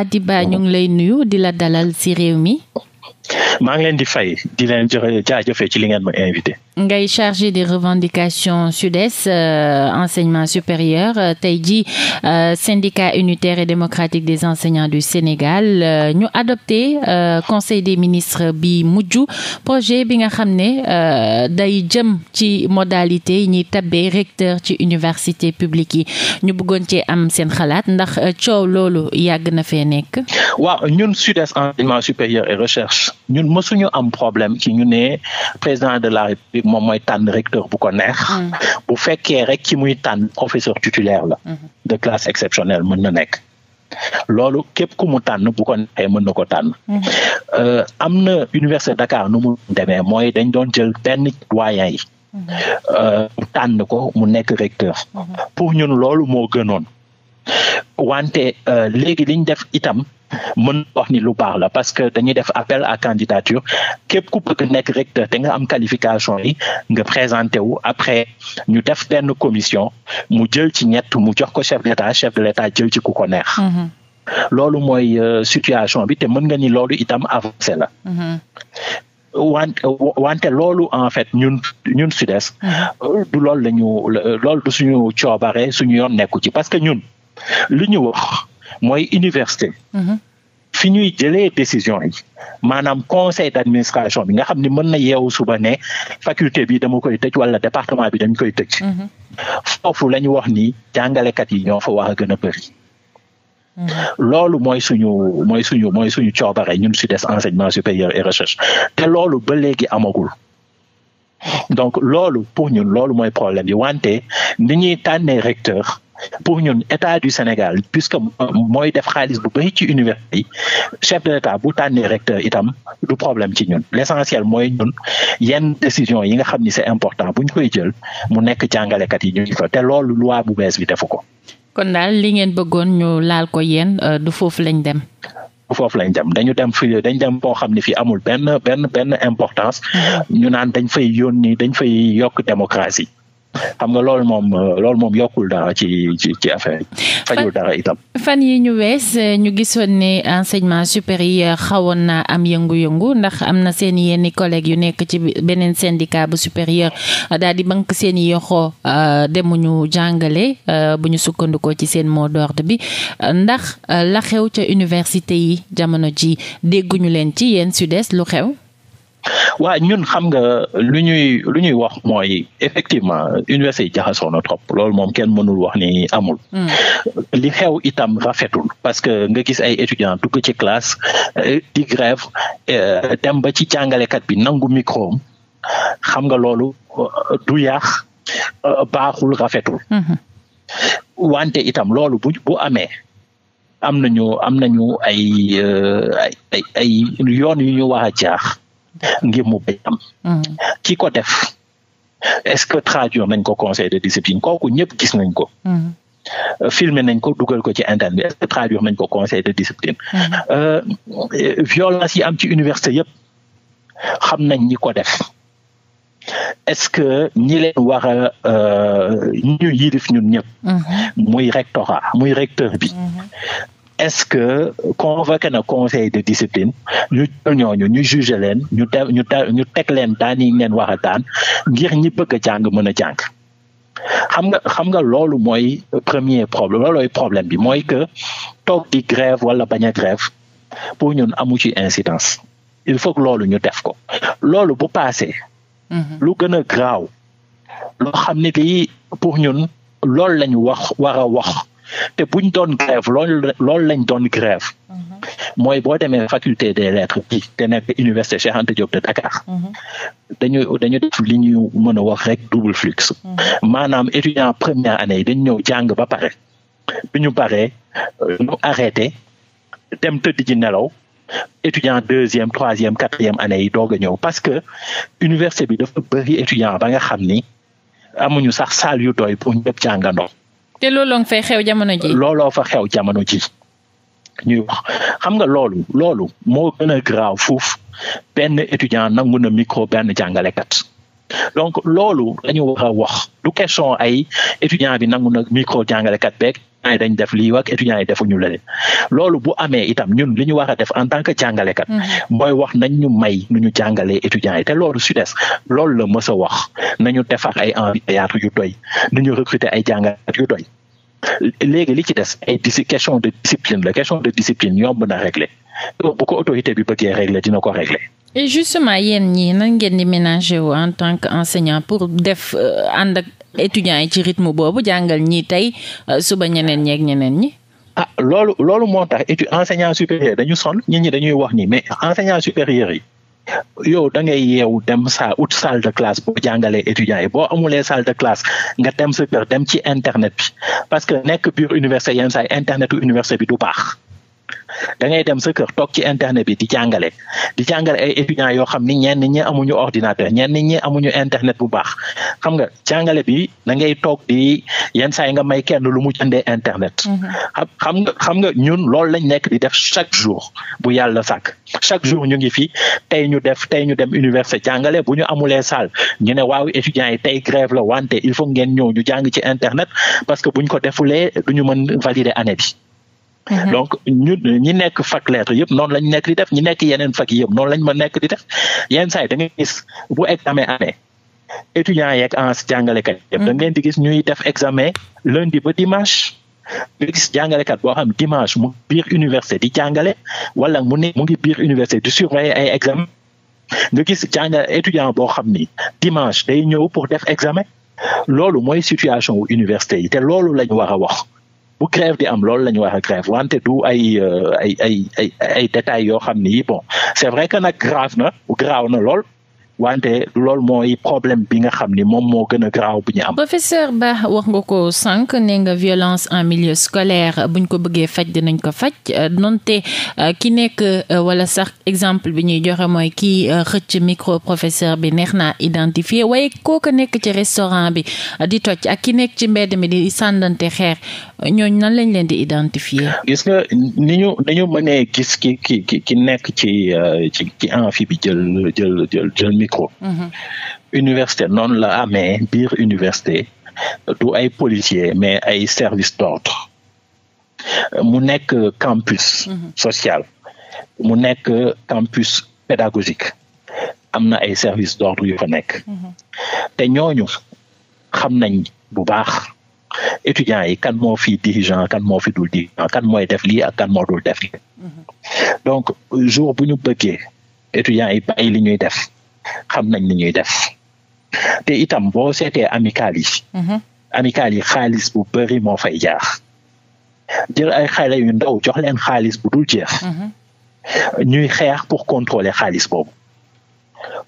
Adiba ñu ngi lay nuyu di la dalal ci réew mi maa ngi leen di fay di leen joxe jaajëfee ci li ngeen ma invité. ngay chargé des revendications SUDES euh, enseignement supérieur euh, tey jii euh, syndicat unitaire et démocratique des enseignants du Sénégal euh, ñu euh, adopté euh, conseil des ministres bi mujj projet bi nga xam ne day jëm ci modalité yi ñuy tabbee recteur ci université publique yi ñu bëggoon ci am seen xalaat ndax coow loolu yàgg na fee nekk. waaw ñun SUDES supérieur et recherche. ñun mësuñu am problème ci ñu ne président de la république moom mooy tànn recteur bu ko neex. Mm. bu fekkee rek ci muy tànn professeur titulaire la. Mm-hmm. de classe exceptionnelle mën na nekk. loolu képp ku mu tànn bu ko neexee ko tànn. Mm-hmm. Euh, am na université Dakar nu mu demee mooy dañ doon jël benn doyen yi. Mm-hmm. Euh, tànn ko mu nekk recteur. pour ñun loolu moo gënoon. wante euh, léegi liñ def itam. mën wax ni lu baax la parce que dañuy def appel à candidature képp ku bëgg nekk recteur te nga am qualification yi nga présenté wu après ñu def benn commission mu jël ci ñett mu jox ko chef d'état chef de l'état jël ci ku ko neex mm-hmm. loolu mooy euh, situation bi te mën nga ni loolu itam avancé la mm-hmm. wante loolu en fait ñun ñun SUDES mm-hmm. euh, du loolu la lool du suñu coobare suñu yoon nekku ci parce que ñun li ñu wax mooy université fi ñuy jëlee décision yi maanaam conseil d'administration bi nga xam ni mën na yeewu suba ne faculté bi dama koy tëj wala département bi dañ koy tëj. Mm-hmm. foofu la ñu wax ni jàngalekat yi ñoo fa war a gën a mm-hmm. loolu mooy suñu mooy suñu mooy suñu coobare ñun si des enseignement supérieur et recherche te loolu ba léegi amagul donc loolu pour ñun loolu mooy problème bi wante ni ñuy tànnee recteur pour ñun état du Sénégal puisque mooy def xaalis bu bëri ci université yi chef de l'état bu tànnee recteur itam du problème ci ñun l'essentiel mooy ñun yenn décision yi nga xam ni c'est important bu ñu koy jël mu nekk jàngalekat yi ñu ngi fa te loolu loi bu bees bi defu ko. kon daal li ngeen bëggoon ñu laal ko yéen euh, du foofu lañ dem. foofu lañ dem dañu dem fi dañ dem boo xam ne fii amul benn benn benn importance mm-hmm. ñu naan dañ fay yónni dañ fay yokk démocratie. xam nga loolu moom loolu moom yokkul dara ci ci ci fajul dara itam. fan yi ñu wees ñu gisoon ne enseignement supérieur xawoon naa am yëngu-yëngu ndax am na seen yenn collègues yu nekk ci beneen syndicat bu supérieur daal di bank seen yoxoo euh, demuñu jàngale euh, bu ñu sukkandikoo ci seen mot d'ordre bi ndax euh, la xew ca université yi jamono ji dégguñu leen ci yéen SUDES lu xew. waa ñun xam nga lu ñuy lu ñuy wax mooy effectivement université yi jaxasoo na trop loolu moom kenn mënul wax ni amul. Hmm. li xew itam rafetul parce que nga gis ay étudiants dugg ci classe euh, di grève euh, dem ba ci jàngalekat bi nangu micro xam nga loolu euh, du yaax baaxul rafetul. Hmm. wante itam loolu bu bu amee. am nañu am nañu ay ay yoon yu ñu wax a jaax. ngir mu mm. ki ko def est-ce que traduire nañ ko conseil de discipline kooku ñëpp gis nañ ko mm. euh, filmer nañ ko dugal ko ci internet est-ce que traduire nañ ko conseil de discipline mm. euh, violence yi am ci université yëpp xam nañ ñi ko def est-ce que ñi leen war a euh, yilif ñun ñëpp mm-hmm. muy rectorat muy recteur bi mm-hmm. est-ce que convoqué na conseil de discipline ñu ñooñu ñu jugé leen ñu te ñu te ñu teg leen daan yi ngeen wax a daan ngir ñi bëgg jàng mën a jàng xam nga xam nga loolu mooy premier problème loolooy problème bi mooy que toog di grève wala bañ a grève pour ñun amu ci incidence il faut loolu ñu def ko loolu bu passé mm-hmm. lu gën a graaw loo xam ne lii pour ñun loolu lañu wax war a wax te buñ doon grève loolu lañ doon grève mhm. mooy boo demee faculté des lettres bi te nekk université Cheikh Anta Diop de Dakar mhm. dañu def li ñu mën wax rek double flux mhm. maanaam étudiant première année yi dañu ñëw jàng ba pare bi ñu paree euh, ñu arrêté dem tëdd ji nelaw étudiant deuxième troisième quatrième année yi doog a ñëw parce que université bi dafa bëri étudiant ba nga xam ni amuñu sax salle yu doy pour ñëpp jàngandoo te looloo fay xew jamono ji. looloo fa xew jamono ji ñuy xam nga loolu loolu moo gën a graaw foofu benn étudiant nangu na micro benn jàngalekat. donc loolu dañu war a wax du question ay étudiant bi nangu na micro jàngalekat beeg yi dañ def lii ak étudiants yi defuñu la loolu bu amee itam ñun li ñu war a def en tant que jàngalekat mm-hmm. mooy wax nañ ñu may nu ñu jàngalee étudiants yi te loolu SUDES loolu la mës a wax nañu defar ay amphithéâtre yu doy nañu recruter ay jàngalekat yu doy léegi li ci des ay disi question de discipline la question de discipline yomb na régler bu ko autorité bi bëggee régler dina ko régler et justement yéen ñii nañ ngeen di ménager wu en tant que enseignant pour def euh, ànd ak étudiants yi ci rytme boobu jàngal ñii tey euh, suba ñeneen ñeeg ñeneen ñi. a ah, loolu loolu moo tax étude enseignant supérieur dañu sonn nit ñi dañuy wax ni mais enseignant supérieur yi. yow da ngay yeewu dem saa ut salle de classe boo jàngalee étudiants yi boo amulee salle de classe nga dem sa dem ci internet bi parce que nekk biir université yenn saa internet u université bi du baax. da ngay dem sa kër toog ci internet bi di jàngale di jàngale ay étudiants yoo xam ni ñenn ñi amuñu ordinateur ñenn ñi amuñu internet bu baax xam nga jàngale bi da ngay toog di yenn saa yi nga may kenn lu mu jëndee internet. Mhm. xam nga xam nga ñun loolu lañ nekk di def chaque jour bu yàlla sàkk chaque jour ñu ngi fi tey ñu def tey ñu dem université jàngale bu ñu amulee salle ñu ne waaw étudiants yi tey grève la wante il faut ngeen ñëw ñu jàng ci internet parce que buñ ko defulee duñu mën valider année bi. Mhm. donc ñun ñi nekk fak lettre yëpp noonu lañ nekk di def ñi nekk yeneen fac yëpp noonu lañ ma nekk di def yenn saa yi da ngay gis bu examen amee étudiants yeeg en jàngalekat yëpp da mhm. ngeen di gis ñuy def examen lundi ba jàngalekat boo xam dimanche mu biir université di jàngale wala mu ne mu ngi biir université di surveiller ay examen nga gis jàngal étudiant boo xam ni dimanche day ñëw pour def examen loolu mooy situation wu université yi te loolu lañ war a wax bu grève di am loolu la ñu wax a wante du ay euh, ay ay ay ay détails yoo xam ni bon c'est vrai que nag grave na graaw na lool wante loolu mooy problème bi nga xam ni moom moo gën a graaw bu ñu am. professeur Ba wax nga ko sànq nee nga violence en milieu scolaire buñ ko bëggee faj nañ ko faj nonte euh, euh, ki nekk wala sax exemple bi ñuy joxe mooy kii xëcc micro professeur bi neex naa identifier waaye kooku nekk ci restaurant bi di toj ak ki nekk ci mbedd mi di sàndante xeer ñooñ nan lañ leen di identifier. gis nga ni ñu ni ñu mënee gis ki ki ki nekk ci euh, ci ci amphi bi jël jël jël jël micro. Mhm. université noonu la amee biir université du ay policier mais ay service d'ordre mu nekk campus. Mhm. social mu nekk campus pédagogique am na ay service d'ordre yu fa nekk. Mhm. te ñooñu xam nañ bu baax. étudiants yi kan moo fi dirigeant kan moo fi dul dirigeant kan mooy def lii ak kan moo dul def lii mhm. donc jour bu ñu bëggee étudiants yi ay li ñuy def xam nañ li ñuy def te itam boo seetee amicale yi mhm. amicale yi xaalis bu bëri moo fay jaar jël ay xale yu ndaw jox leen xaalis bu dul jeex mhm. ñuy xeex pour contrôler xaalis boobu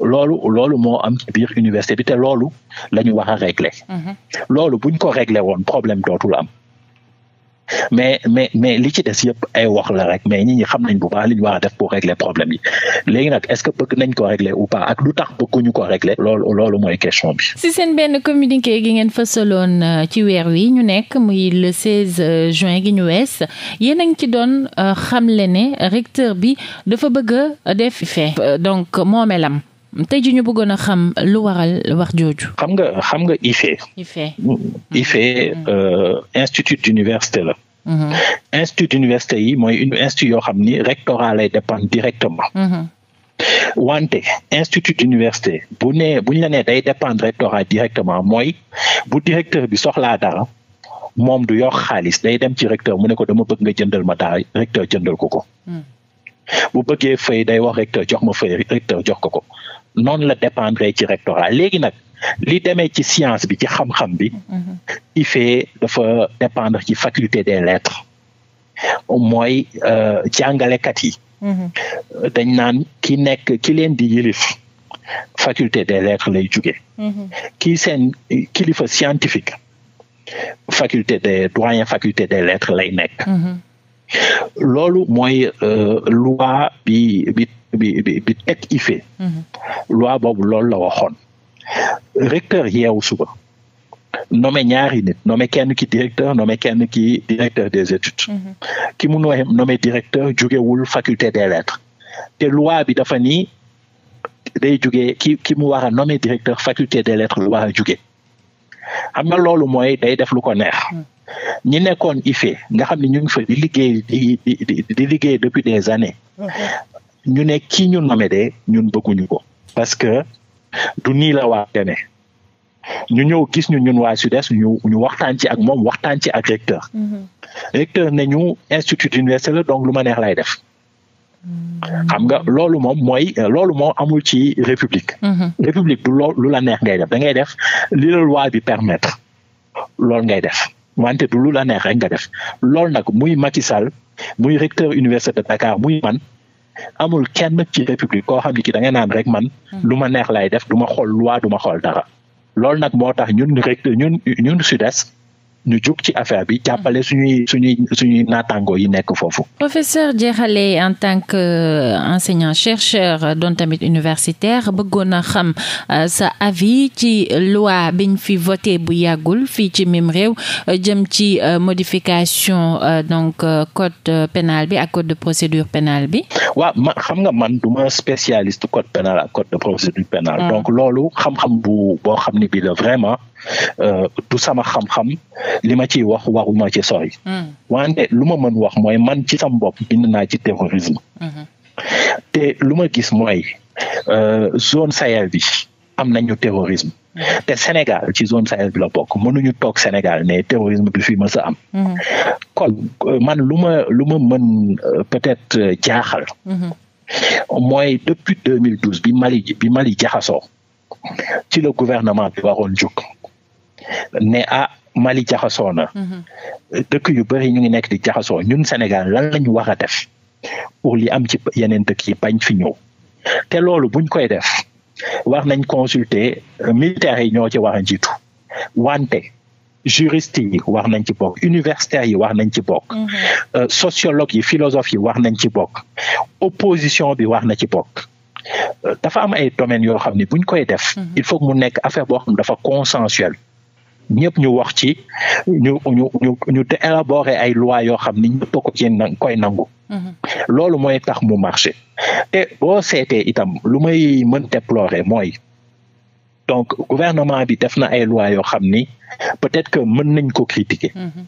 loolu loolu moo am ci biir université bi te loolu la ñu war a régler mhm. loolu buñ ko régler woon problème dootul am mais mais mais li ci des yëpp ay wax la rek mais ñi ñi xam nañ bu baax li ñu war a def pour régler problème yi léegi nag est-ce que bëgg nañ ko régler ou pas ak lu tax bëgguñu ko régler loolu loolu mooy question bi. si seen benn communiqué gi ngeen fësaloon euh, ci weer wi ñu nekk muy le 16 euh, juin gi ñu wees yéen a ngi ci doon euh, xamle ne recteur bi dafa bëgg a def fee donc moomelam tey ji ñu bëggoon a xam lu waral wax jooju. xam nga xam nga IFE. IFE mm-hmm. IFE mm-hmm. euh, institut d'université la. Mm-hmm. institut d'université yi mooy institut yoo xam ni rectorat lay dépendre directement. wante institut d'université bu nee bu ñu la nee day dépendre rectorat directement mooy bu directeur bi soxlaa dara moom du yokk xaalis day dem ci recteur mu ne ko dama bëgg nga jëndal ma dara recteur jëndal ko ko. Mm. bu bëggee fay day wax recteur jox ma fay recteur jox ko ko noonu la dépendre ci rectorat léegi nag li demee ci science bi ci xam-xam bi mhm. IFE dafa dépendre ci faculté des lettres mooy jàngalekat euh, yi mhm. dañ naan ki nekk ki leen di yilif faculté des lettres lay jóge mhm. kii seen kilifa scientifique faculté des doyen faculté des lettres lay nekk loolu mooy euh, loi bi bi bi bi teg IFE. loi boobu loolu la waxoon. recteur yeewu suba. nommé ñaari nit nommé kenn ki directeur nommé kenn ki directeur des études. ki mu nommé directeur jugewul faculté des lettres. te loi bi dafa ni day jugee ki ki mu war a nommé directeur faculté des lettres lu war a jugee. xam nga loolu mooy day def lu ko neex. ñi nekkoon IFE nga xam ne ñu ngi fa di liggéey di depuis des années. ñu ne kii ñu nommé de ñun bëgguñu ko parce que du nii la waa demee ñu ñëw gis ñu ñun waa SUDES ñu ñu waxtaan ci ak moom waxtaan ci ak recteur mhm. recteur ne ñu institut d'université la donc lu ma neex lay def mhm. xam nga loolu moom mooy loolu moom amul ci république mhm. république du loolu lu la neex ngay def da ngay def li la loi bi permettre loolu ngay def wante du lu la neex rek nga def loolu nag muy Macky Sall muy recteur université de Dakar muy man amul kenn ci république ko xam ne ki da nga naan rek man hmm. lu ma neex lay def du ma xool loi du ma xool dara loolu nag moo tax ñun rek ñun ñun sud-est ñu jug ci affaire bi jàppale mm. suñuy suñuy suñuy naataangoo yi nekk foofu. professeur jeexale en tant que euh, enseignant chercheur euh, doon tamit universitaire bëggoon a xam euh, sa avi ci loi biñ fi voté bu yàggul fii ci mim réew jëm ci modification donc code pénal bi ak code de procédure pénale bi. waaw ma xam nga man duma spécialiste code pénal ak code de procédure pénale. Mm. donc loolu xam-xam bu boo xam ni bi la vraiment. Euh, du sama xam-xam li ma ciy wax waruma ci sori. Hmm. wante lu ma mën wax mooy man ci sam bopp bind naa ci terrorisme. Hmm. te lu ma gis mooy euh, zone Sahel bi am nañu terrorisme. Hmm. te Sénégal ci zone Sahel bi la bokk mënuñu toog Sénégal ne terrorisme bi fii ma a am. kon euh, man lu ma lu ma mën peut-être jaaxal. mooy depuis 2012 bi Mali bi ci le gouvernement bi waroon jóg. ne ah Mali jaxasoo na. Mhm. dëkk yu bëri ñu ngi nekk di jaxasoo ñun Sénégal lan la ñu a def pour li am ci yeneen dëkk yi bañ fi ñëw te loolu buñ koy def war nañ consulter euh, militaires yi ñoo ci war a jiitu wante. juristes yi wax nañ ci bokk universitaires yi wax nañ ci bokk mhm. euh, sociologues yi philosophes yi wax nañ ci bokk opposition bi wax na ci bokk euh, dafa am ay domaines yoo xam ne buñ koy def mhm. il faut mu nekk affaire boo xam dafa consensuel ñëpp ñu wax ci ñu ñu ñu ñu te élaborer ay loi yoo xam ni ñëpp ko ci koy nangu. Mhm. loolu mooy tax mu marché te boo seetee itam lu may mën déplorer mooy donc gouvernement bi def na ay loi yoo xam ni peut-être que mën nañ ko critiquer. Mhm.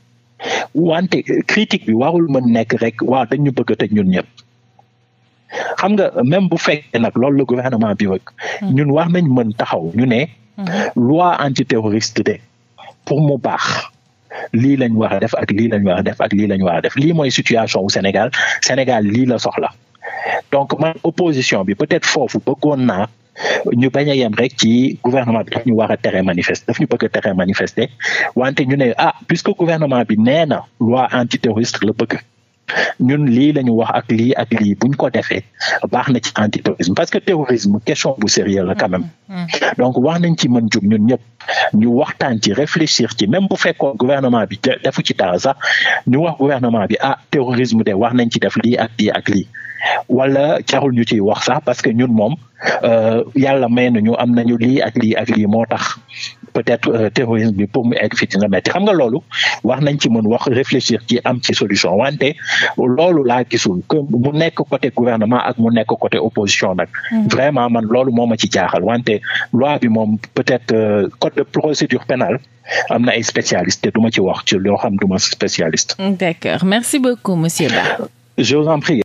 wante critique bi warul mën nekk rek waaw dañ ñu bëgg a tëj ñun ñëpp. xam nga même bu fekkee nag loolu la gouvernement bi bëgg. Mhm. ñun war nañ mën taxaw ñu ne. loi antiterroriste de. pour mu baax lii lañu war def ak lii lañ war def ak lii lañ war a def lii mooy situation wu Sénégal Sénégal lii la soxla donc ma opposition bi peut-être foofu bëggoon naa ñu bañ a yem rek ci gouvernement bi daf ñu war a tere manifester daf ñu bëgg a tere manifester wante ñu ne ah puisque gouvernement bi nee na loi antiterroriste la bëgg ñun lii la ñu wax ak lii ak lii buñ ko defee baax na ci antiterrorisme parce que terrorisme question bu sérieux la quand même mm, mm, mm. donc wax nañ ci mën jug ñun ñëpp ñu waxtaan ci réfléchir ci même bu fekkoon gouvernement bi defu ci dara sax ñu wax gouvernement bi ah terrorisme de wax nañ ci def lii ak lii wala jarul ñu ci wax sax parce que ñun moom euh, yala may nañu am nañu lii ak lii ak lii moo tax peut-être euh, terrorisme bi pour mu egg fii dina metti xam nga loolu wax nañ ci mën wax réfléchir ci am ci solution wante loolu laa gisul que mu nekk côté gouvernement ak mu nekk côté opposition nag. Mm-hmm. vraiment man loolu moo ma ci jaaxal wante loi bi moom peut-être euh, code de procédure pénale am na ay spécialistes duma ci wax ci loo xam duma spécialiste. d'accord merci beaucoup monsieur Ba. je vous en prie.